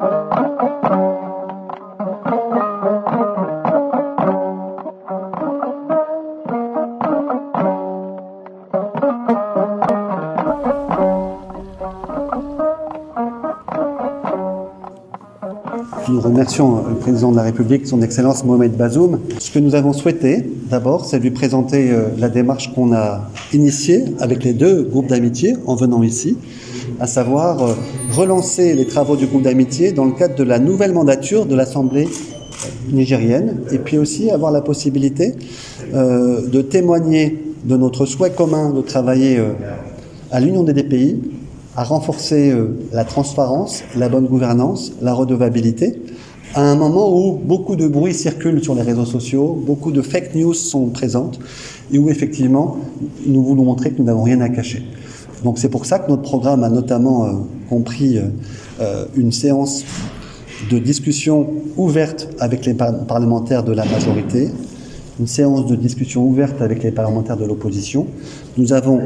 Thank you. Nous remercions le président de la République, son Excellence Mohamed Bazoum. Ce que nous avons souhaité, d'abord, c'est lui présenter euh, la démarche qu'on a initiée avec les deux groupes d'amitié en venant ici, à savoir euh, relancer les travaux du groupe d'amitié dans le cadre de la nouvelle mandature de l'Assemblée nigérienne, et puis aussi avoir la possibilité euh, de témoigner de notre souhait commun de travailler à l'Union des pays à renforcer euh, la transparence, la bonne gouvernance, la redevabilité, à un moment où beaucoup de bruit circule sur les réseaux sociaux, beaucoup de fake news sont présentes, et où effectivement, nous voulons montrer que nous n'avons rien à cacher. Donc c'est pour ça que notre programme a notamment euh, compris euh, une séance de discussion ouverte avec les parlementaires de la majorité, une séance de discussion ouverte avec les parlementaires de l'opposition. Nous avons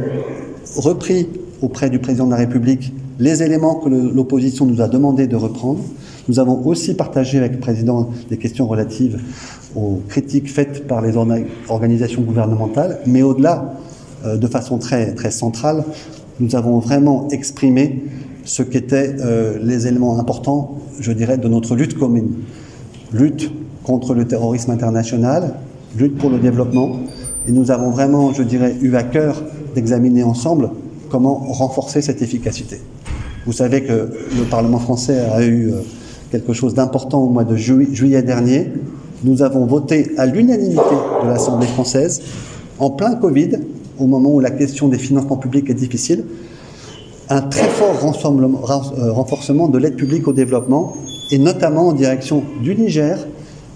repris auprès du président de la République les éléments que l'opposition nous a demandé de reprendre. Nous avons aussi partagé avec le président des questions relatives aux critiques faites par les organisations gouvernementales, mais au-delà, euh, de façon très, très centrale, nous avons vraiment exprimé ce qu'étaient euh, les éléments importants, je dirais, de notre lutte commune. Lutte contre le terrorisme international, lutte pour le développement. Et nous avons vraiment, je dirais, eu à cœur d'examiner ensemble comment renforcer cette efficacité. Vous savez que le Parlement français a eu euh, quelque chose d'important au mois de juillet dernier. Nous avons voté à l'unanimité de l'Assemblée française, en plein Covid, au moment où la question des financements publics est difficile, un très fort euh, renforcement de l'aide publique au développement, et notamment en direction du Niger,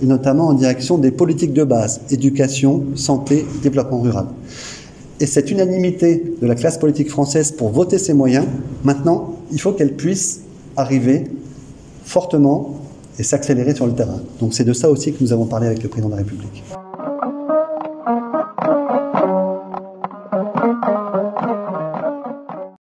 et notamment en direction des politiques de base, éducation, santé, développement rural et cette unanimité de la classe politique française pour voter ces moyens, maintenant, il faut qu'elle puisse arriver fortement et s'accélérer sur le terrain. Donc c'est de ça aussi que nous avons parlé avec le président de la République.